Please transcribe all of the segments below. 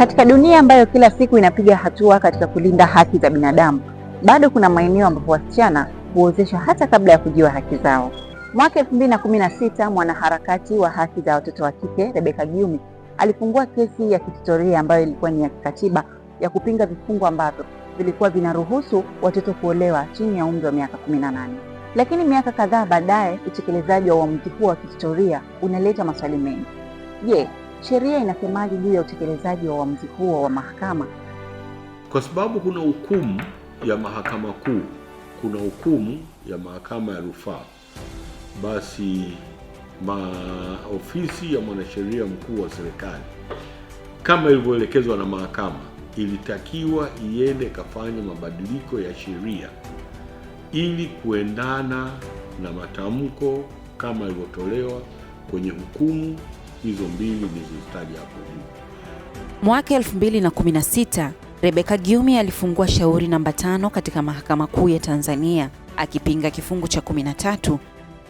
Katika dunia ambayo kila siku inapiga hatua katika kulinda haki za binadamu, bado kuna maeneo ambapo wasichana huozeshwa hata kabla ya kujua haki zao. Mwaka 2016 mwanaharakati wa haki za watoto wa kike Rebecca Giumi alifungua kesi ya kihistoria ambayo ilikuwa ni ya kikatiba ya kupinga vifungu ambavyo vilikuwa vinaruhusu watoto kuolewa chini ya umri wa miaka 18. Lakini miaka kadhaa baadaye, utekelezaji wa uamuzi huo wa kihistoria unaleta maswali mengi. Je, sheria inasemaje juu ya utekelezaji wa uamuzi huo wa mahakama? Kwa sababu kuna hukumu ya mahakama kuu, kuna hukumu ya mahakama ya rufaa, basi maofisi ya mwanasheria mkuu wa serikali kama ilivyoelekezwa na mahakama ilitakiwa iende ikafanya mabadiliko ya sheria ili kuendana na matamko kama ilivyotolewa kwenye hukumu hizo mbili nilizozitaja hapo juu. Mwaka 2016 Rebeka Gyumi alifungua shauri namba tano katika Mahakama Kuu ya Tanzania akipinga kifungu cha 13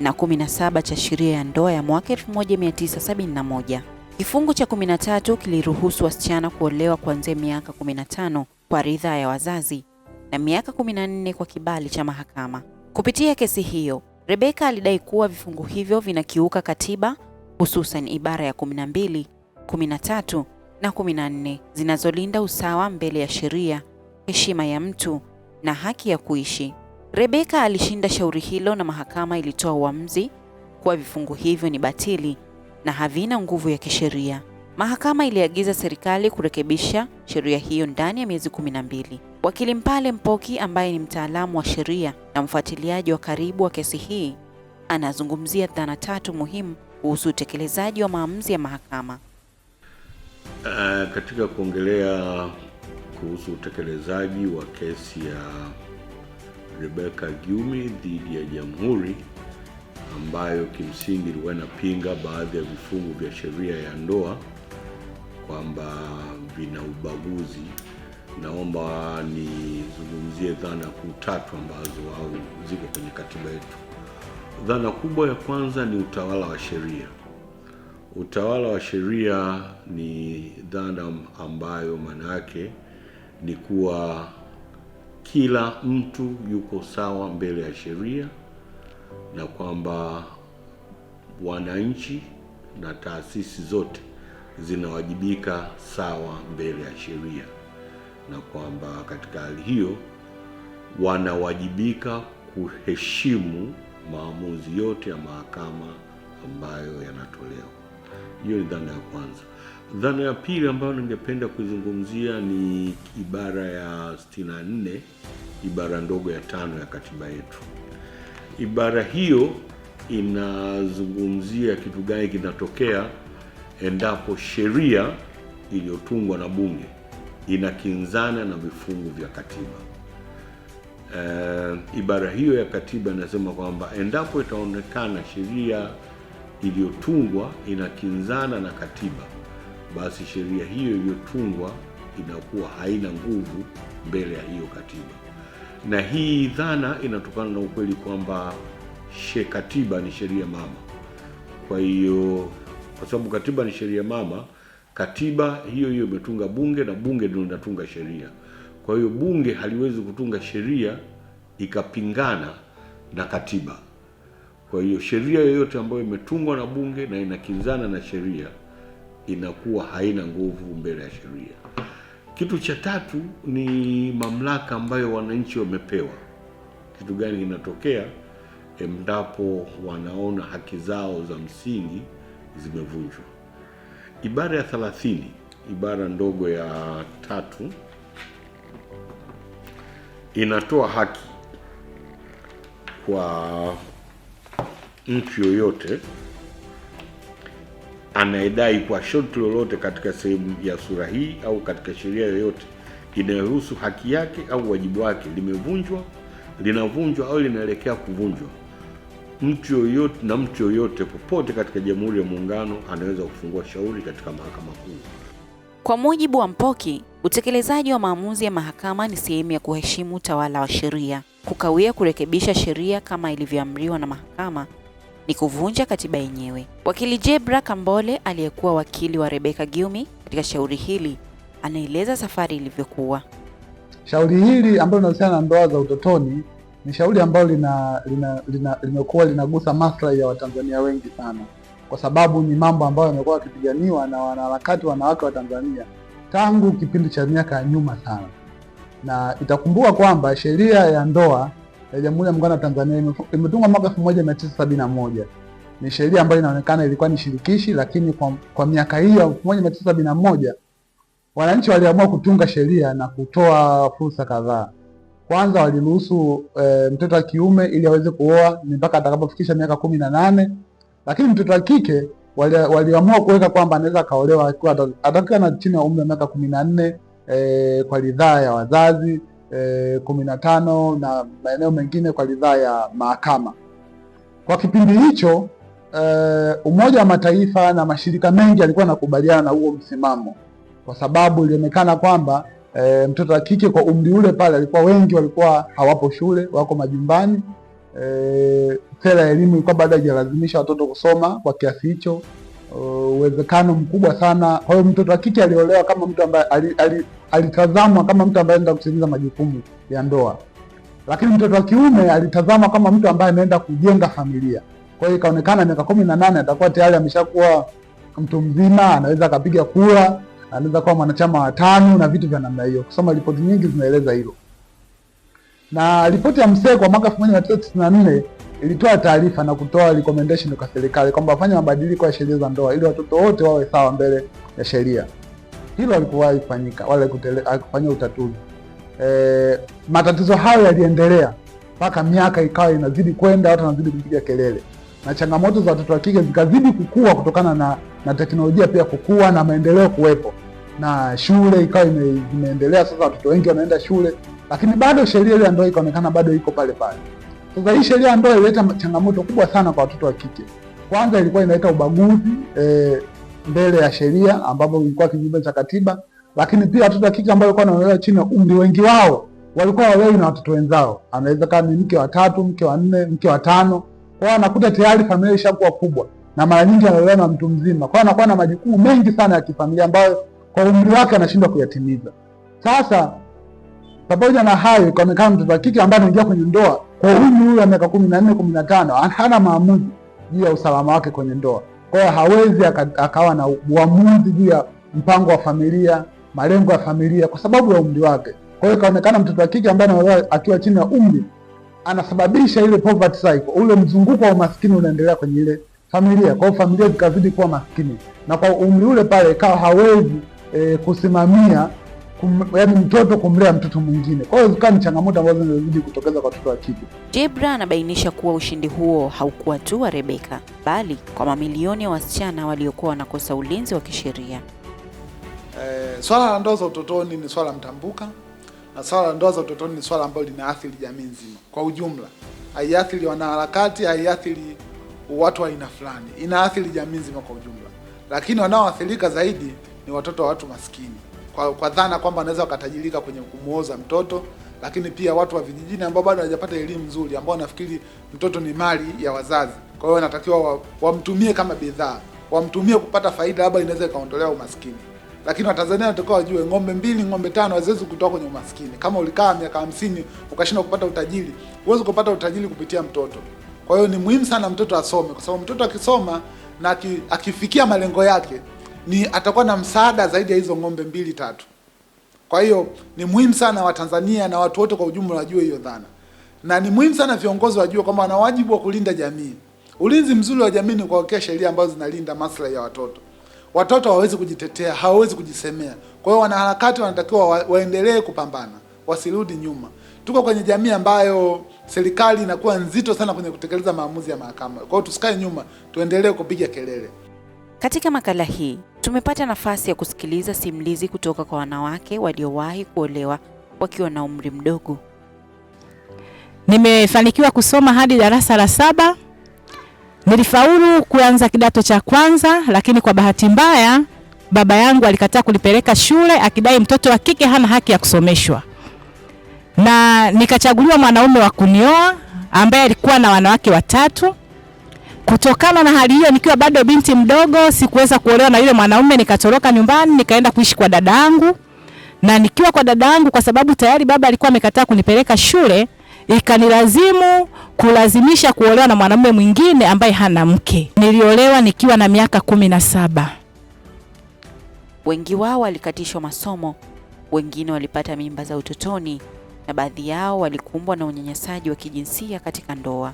na 17 cha sheria ya ndoa ya mwaka 1971. Kifungu cha 13 kiliruhusu wasichana kuolewa kuanzia miaka 15 kwa ridhaa ya wazazi na miaka 14 kwa kibali cha mahakama. Kupitia kesi hiyo, Rebeka alidai kuwa vifungu hivyo vinakiuka katiba hususan ibara ya 12, 13 na 14 zinazolinda usawa mbele ya sheria, heshima ya mtu na haki ya kuishi. Rebeka alishinda shauri hilo na mahakama ilitoa uamuzi kuwa vifungu hivyo ni batili na havina nguvu ya kisheria. Mahakama iliagiza serikali kurekebisha sheria hiyo ndani ya miezi 12. Wakili Mpale Mpoki ambaye ni mtaalamu wa sheria na mfuatiliaji wa karibu wa kesi hii anazungumzia dhana tatu muhimu kuhusu utekelezaji wa maamuzi ya mahakama. Uh, katika kuongelea kuhusu utekelezaji wa kesi ya Rebecca Gyumi dhidi ya Jamhuri ambayo kimsingi ilikuwa inapinga baadhi ya vifungu vya sheria ya ndoa kwamba vina ubaguzi. Naomba nizungumzie dhana kuu tatu ambazo au ziko kwenye katiba yetu. Dhana kubwa ya kwanza ni utawala wa sheria. Utawala wa sheria ni dhana ambayo maana yake ni kuwa kila mtu yuko sawa mbele ya sheria na kwamba wananchi na taasisi zote zinawajibika sawa mbele ya sheria, na kwamba katika hali hiyo wanawajibika kuheshimu maamuzi yote ya mahakama ambayo yanatolewa. Hiyo ni dhana ya kwanza. Dhana ya pili ambayo ningependa kuizungumzia ni ibara ya 64 ibara ndogo ya tano ya katiba yetu. Ibara hiyo inazungumzia kitu gani kinatokea endapo sheria iliyotungwa na bunge inakinzana na vifungu vya katiba. Uh, ibara hiyo ya katiba inasema kwamba endapo itaonekana sheria iliyotungwa inakinzana na katiba, basi sheria hiyo iliyotungwa inakuwa haina nguvu mbele ya hiyo katiba. Na hii dhana inatokana na ukweli kwamba she katiba ni sheria mama. Kwa hiyo kwa sababu katiba ni sheria mama, katiba hiyo hiyo imetunga bunge na bunge ndio linatunga sheria. Kwa hiyo bunge haliwezi kutunga sheria ikapingana na katiba. Kwa hiyo sheria yoyote ambayo imetungwa na bunge na inakinzana na sheria inakuwa haina nguvu mbele ya sheria. Kitu cha tatu ni mamlaka ambayo wananchi wamepewa. Kitu gani kinatokea endapo wanaona haki zao za msingi zimevunjwa? Ibara ya 30 ibara ndogo ya tatu inatoa haki kwa mtu yoyote anayedai kwa sharti lolote katika sehemu ya sura hii au katika sheria yoyote inayohusu haki yake au wajibu wake limevunjwa, linavunjwa au linaelekea kuvunjwa, mtu yoyote na mtu yoyote popote katika Jamhuri ya Muungano anaweza kufungua shauri katika Mahakama Kuu. Kwa mujibu wa Mpoki, Utekelezaji wa maamuzi ya mahakama ni sehemu ya kuheshimu utawala wa sheria. Kukawia kurekebisha sheria kama ilivyoamriwa na mahakama ni kuvunja katiba yenyewe. Wakili Jebra Kambole aliyekuwa wakili wa Rebecca Gyumi katika shauri hili anaeleza safari ilivyokuwa. Shauri hili ambalo linahusiana na ndoa za utotoni ni shauri ambalo lina lina limekuwa lina, linagusa maslahi ya Watanzania wengi sana, kwa sababu ni mambo ambayo yamekuwa yakipiganiwa na wanaharakati wanawake wa Tanzania tangu kipindi cha miaka ya nyuma sana, na itakumbuka kwamba sheria ya ndoa ya Jamhuri ya Muungano wa Tanzania imetungwa mwaka moja. Ni sheria ambayo inaonekana ilikuwa ni shirikishi, lakini kwa, kwa miaka hiyo moja wananchi waliamua kutunga sheria na kutoa fursa kadhaa. Kwanza waliruhusu e, mtoto wa kiume ili aweze kuoa mpaka atakapofikisha miaka kumi na nane, lakini mtoto wa kike waliamua wali kuweka kwamba anaweza akaolewa akiwa atakiwa na chini ya umri wa miaka kumi na nne eh, kwa ridhaa ya wazazi e, kumi na tano na maeneo mengine kwa ridhaa ya mahakama. Kwa kipindi hicho eh, Umoja wa Mataifa na mashirika mengi yalikuwa nakubaliana na huo msimamo, kwa sababu ilionekana kwamba eh, mtoto wa kike kwa umri ule pale alikuwa wengi walikuwa hawapo shule, wako majumbani e, sera ya elimu ilikuwa bado haijalazimisha watoto kusoma kwa kiasi hicho, e, uwezekano mkubwa sana. Kwa hiyo mtoto wa kike aliolewa kama mtu ambaye alitazamwa kama mtu ambaye anaenda kutimiza majukumu ya ndoa, lakini mtoto wa kiume alitazamwa kama mtu ambaye anaenda kujenga familia. Kwa hiyo ikaonekana miaka kumi na nane atakuwa tayari ameshakuwa mtu mzima, anaweza akapiga kura, anaweza kuwa mwanachama wa TANU na vitu vya namna hiyo. Kusoma ripoti nyingi zinaeleza hilo na ripoti ya mseko kwa mwaka 1994 ilitoa taarifa na kutoa recommendation kwa serikali kwamba wafanye mabadiliko ya sheria za ndoa ili watoto wote wawe sawa mbele ya sheria. Hilo halikuwahi kufanyika wala kufanyia utatuzi. E, matatizo hayo yaliendelea mpaka miaka ikawa inazidi kwenda, watu wanazidi kupiga kelele na changamoto za watoto wa kike zikazidi kukua kutokana na, na teknolojia pia kukua na maendeleo kuwepo na shule ikawa imeendelea. Sasa watoto wengi wanaenda shule lakini bado sheria ile ya ndoa ikaonekana bado iko pale pale. Sasa hii sheria ya ndoa ilileta changamoto kubwa sana kwa watoto wa kike. Kwanza ilikuwa inaleta ubaguzi e, mbele ya sheria ambapo ilikuwa kinyume cha katiba, lakini pia watoto wa kike ambao walikuwa wanaolewa chini ya umri, wengi wao walikuwa wawili na watoto wenzao, anaweza kama ni mke wa tatu, mke wa nne, mke wa tano. Kwa hiyo anakuta tayari familia ishakuwa kubwa, na mara nyingi anaolewa na mtu mzima, kwa hiyo anakuwa na majukumu mengi sana ya kifamilia ambayo kwa umri wake anashindwa kuyatimiza. Sasa pamoja na hayo, ikaonekana mtoto wa kike ambaye anaingia kwenye ndoa kwa umri huyu wa miaka kumi na nne kumi na tano hana maamuzi juu ya usalama wake kwenye ndoa. Kwa hiyo hawezi akawa na uamuzi juu ya mpango wa familia, malengo ya familia kwa sababu ya umri wake. Kwa hiyo ikaonekana mtoto wa kike ambaye anaolewa akiwa chini ya umri anasababisha ile poverty cycle, ule mzunguko wa umaskini unaendelea kwenye ile familia. Kwa hiyo familia zikazidi kuwa maskini, na kwa umri ule pale ikawa hawezi e, kusimamia yaani mtoto kumlea mtoto mwingine. Kwa hiyo zikawa ni changamoto ambazo zinazidi kutokeza kwa watoto wa kike. Jebra anabainisha kuwa ushindi huo haukuwa tu wa Rebeka, bali kwa mamilioni ya wasichana waliokuwa wanakosa ulinzi wa kisheria. Eh, swala la ndoa za utotoni ni swala mtambuka na swala la ndoa za utotoni ni swala ambalo linaathiri jamii nzima kwa ujumla. Haiathiri wanaharakati, haiathiri watu wa aina fulani, inaathiri jamii nzima kwa ujumla, lakini wanaoathirika zaidi ni watoto wa watu maskini kwa, kwa dhana kwamba anaweza wakatajirika kwenye kumuoza mtoto, lakini pia watu wa vijijini ambao bado hawajapata elimu nzuri, ambao wanafikiri mtoto ni mali ya wazazi, kwa hiyo wanatakiwa wamtumie kama bidhaa, wamtumie kupata faida, labda inaweza ikaondolea umaskini. Lakini Watanzania wanatakiwa wajue ng'ombe mbili, ng'ombe tano haziwezi kutoa kwenye umaskini. Kama ulikaa miaka hamsini ukashindwa kupata utajiri, huwezi kupata utajiri kupitia mtoto. Kwa hiyo ni muhimu sana mtoto asome, kwa sababu mtoto akisoma na akifikia malengo yake ni atakuwa na msaada zaidi ya hizo ng'ombe mbili tatu. Kwa hiyo ni muhimu sana Watanzania na watu wote kwa ujumla wajue hiyo dhana, na ni muhimu sana viongozi wajue kwamba wana wajibu wa kulinda jamii. Ulinzi mzuri wa jamii ni kuhakikisha sheria ambazo zinalinda maslahi ya watoto. Watoto hawawezi kujitetea, hawawezi kujisemea. Kwa hiyo wanaharakati wanatakiwa waendelee kupambana, wasirudi nyuma. Tuko kwenye jamii ambayo serikali inakuwa nzito sana kwenye kutekeleza maamuzi ya mahakama. Kwa hiyo tusikae nyuma, tuendelee kupiga kelele. Katika makala hii Tumepata nafasi ya kusikiliza simulizi kutoka kwa wanawake waliowahi kuolewa wakiwa na umri mdogo. Nimefanikiwa kusoma hadi darasa la saba. Nilifaulu kuanza kidato cha kwanza, lakini kwa bahati mbaya baba yangu alikataa kulipeleka shule akidai mtoto wa kike hana haki ya kusomeshwa, na nikachaguliwa mwanaume wa kunioa ambaye alikuwa na wanawake watatu. Kutokana na hali hiyo, nikiwa bado binti mdogo, sikuweza kuolewa na yule mwanaume, nikatoroka nyumbani, nikaenda kuishi kwa dada yangu. Na nikiwa kwa dada yangu, kwa sababu tayari baba alikuwa amekataa kunipeleka shule, ikanilazimu kulazimisha kuolewa na mwanaume mwingine ambaye hana mke. Niliolewa nikiwa na miaka kumi na saba. Wengi wao walikatishwa masomo, wengine walipata mimba za utotoni na baadhi yao walikumbwa na unyanyasaji wa kijinsia katika ndoa.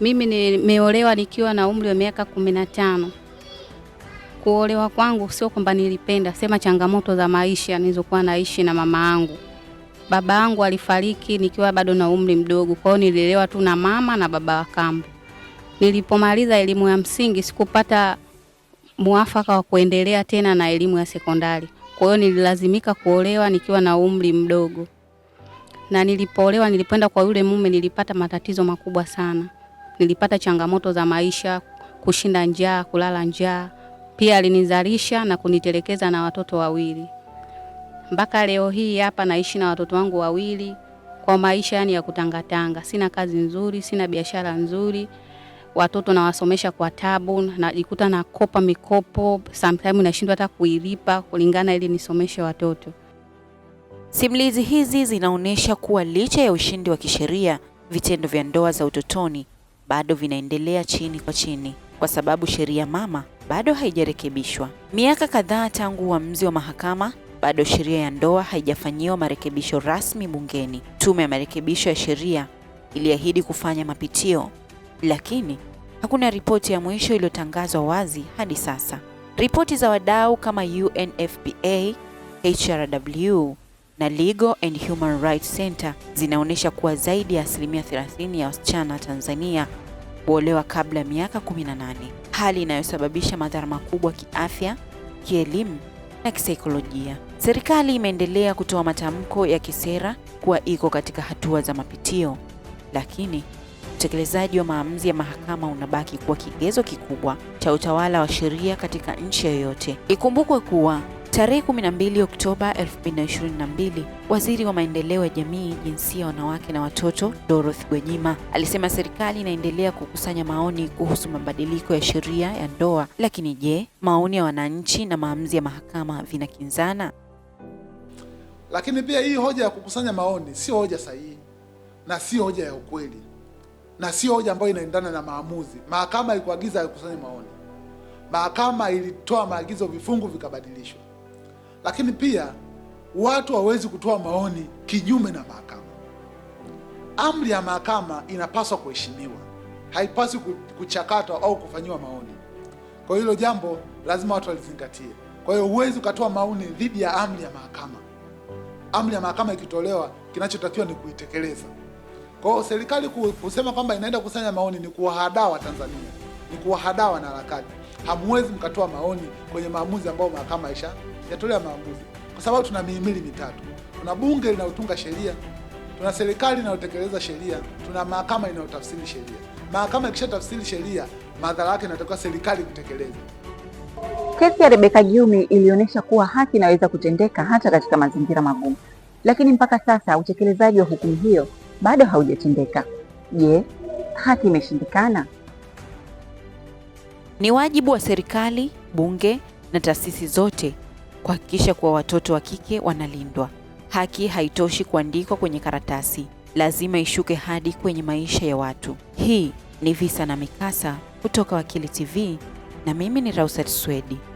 Mimi nimeolewa nikiwa na umri wa miaka kumi na tano. Kuolewa kwangu sio kwamba nilipenda, sema changamoto za maisha nilizokuwa naishi na mama yangu. Baba yangu alifariki nikiwa bado na umri mdogo, kwa hiyo nililelewa tu na mama na baba wa kambo. Nilipomaliza elimu ya msingi sikupata muafaka wa kuendelea tena na elimu ya sekondari, kwa hiyo nililazimika kuolewa nikiwa na umri mdogo, na nilipoolewa nilipenda kwa yule mume, nilipata matatizo makubwa sana nilipata changamoto za maisha, kushinda njaa, kulala njaa. Pia alinizalisha na kunitelekeza na watoto wawili. Mpaka leo hii hapa naishi na watoto wangu wawili kwa maisha yani ya kutangatanga. Sina kazi nzuri, sina biashara nzuri, watoto nawasomesha kwa tabu, najikuta nakopa mikopo, sometimes nashindwa hata kuilipa kulingana ili nisomeshe watoto. Simulizi hizi zinaonyesha kuwa licha ya ushindi wa kisheria, vitendo vya ndoa za utotoni bado vinaendelea chini kwa chini kwa sababu sheria mama bado haijarekebishwa. Miaka kadhaa tangu uamuzi wa mahakama, bado sheria ya ndoa haijafanyiwa marekebisho rasmi bungeni. Tume ya marekebisho ya sheria iliahidi kufanya mapitio, lakini hakuna ripoti ya mwisho iliyotangazwa wazi hadi sasa. Ripoti za wadau kama UNFPA, HRW na Legal and Human Rights Center zinaonyesha kuwa zaidi ya asilimia 30 ya wasichana Tanzania huolewa kabla ya miaka 18, hali inayosababisha madhara makubwa kiafya, kielimu na kisaikolojia. Serikali imeendelea kutoa matamko ya kisera kuwa iko katika hatua za mapitio, lakini utekelezaji wa maamuzi ya mahakama unabaki kuwa kigezo kikubwa cha utawala wa sheria katika nchi yoyote. Ikumbukwe kuwa Tarehe 12 Oktoba 2022, Waziri wa Maendeleo ya Jamii, Jinsia, Wanawake na Watoto, Dorothy Gwajima alisema serikali inaendelea kukusanya maoni kuhusu mabadiliko ya sheria ya ndoa, lakini je, maoni ya wananchi na maamuzi ya mahakama vinakinzana? Lakini pia hii hoja ya kukusanya maoni sio hoja sahihi na sio hoja ya ukweli na sio hoja ambayo inaendana na maamuzi. Mahakama ilikuagiza akusanye maoni. Mahakama ilitoa maagizo, vifungu vikabadilishwa. Lakini pia watu hawezi kutoa maoni kinyume na mahakama. Amri ya mahakama inapaswa kuheshimiwa, haipaswi kuchakatwa au kufanyiwa maoni. Kwa hiyo hilo jambo lazima watu walizingatie. Kwa hiyo huwezi ukatoa maoni dhidi ya amri ya mahakama. Amri ya mahakama ikitolewa, kinachotakiwa ni kuitekeleza. Kwa hiyo serikali kusema kwamba inaenda kukusanya maoni ni kuwahadaa Watanzania ni kuwahadaa wanaharakati. Hamwezi mkatoa maoni kwenye maamuzi ambayo mahakama isha yatolea maamuzi, kwa sababu tuna mihimili mitatu: tuna bunge linalotunga sheria, tuna serikali inayotekeleza sheria, tuna mahakama inayotafsiri sheria. Mahakama tafsiri sheria, madhara yake inatakiwa serikali kutekeleza. Kesi ya Rebeka Gyumi ilionyesha kuwa haki inaweza kutendeka hata katika mazingira magumu, lakini mpaka sasa utekelezaji wa hukumu hiyo bado haujatendeka. Je, haki imeshindikana? Ni wajibu wa serikali, bunge na taasisi zote kuhakikisha kuwa watoto wa kike wanalindwa. Haki haitoshi kuandikwa kwenye karatasi, lazima ishuke hadi kwenye maisha ya watu. Hii ni Visa na Mikasa kutoka Wakili TV na mimi ni Rausat Swedi.